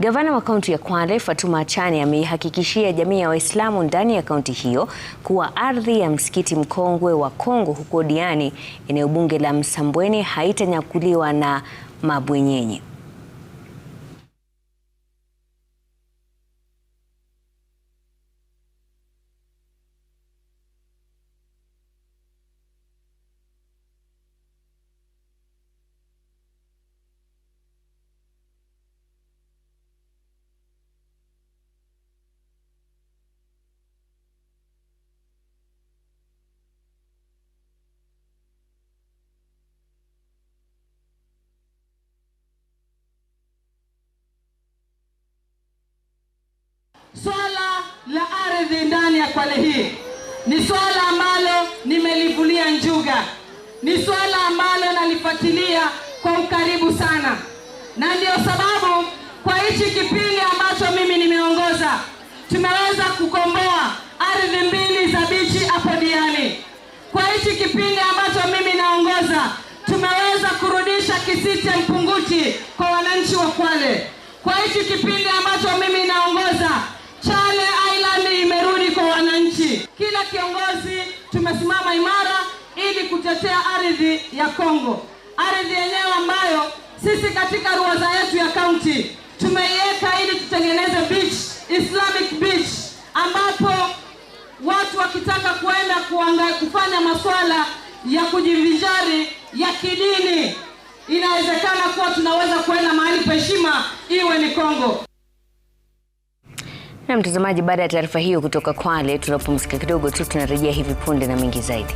Gavana wa kaunti ya Kwale Fatuma Achani ameihakikishia jamii ya Waislamu ndani ya kaunti hiyo kuwa ardhi ya msikiti mkongwe wa Kongo huko Diani, eneo bunge la Msambweni haitanyakuliwa na mabwenyenye. la ardhi ndani ya Kwale hii ni swala ambalo nimelivulia njuga, ni swala ambalo nalifuatilia kwa ukaribu sana, na ndio sababu kwa hichi kipindi ambacho mimi nimeongoza tumeweza kukomboa ardhi mbili za bichi hapo Diani. Kwa hichi kipindi ambacho mimi naongoza tumeweza kurudisha Kisite Mpunguti kwa wananchi wa Kwale. kila kiongozi tumesimama imara ili kutetea ardhi ya Kongo, ardhi yenyewe ambayo sisi katika ruwaza yetu ya kaunti tumeiweka ili tutengeneze beach, Islamic beach, ambapo watu wakitaka kuenda kuanga, kufanya masuala ya kujivinjari ya kidini inawezekana kuwa tunaweza kuenda mahali pa heshima, iwe ni Kongo. Na mtazamaji, baada ya taarifa hiyo kutoka Kwale, tunapumzika kidogo tu, tunarejea hivi punde na mengi zaidi.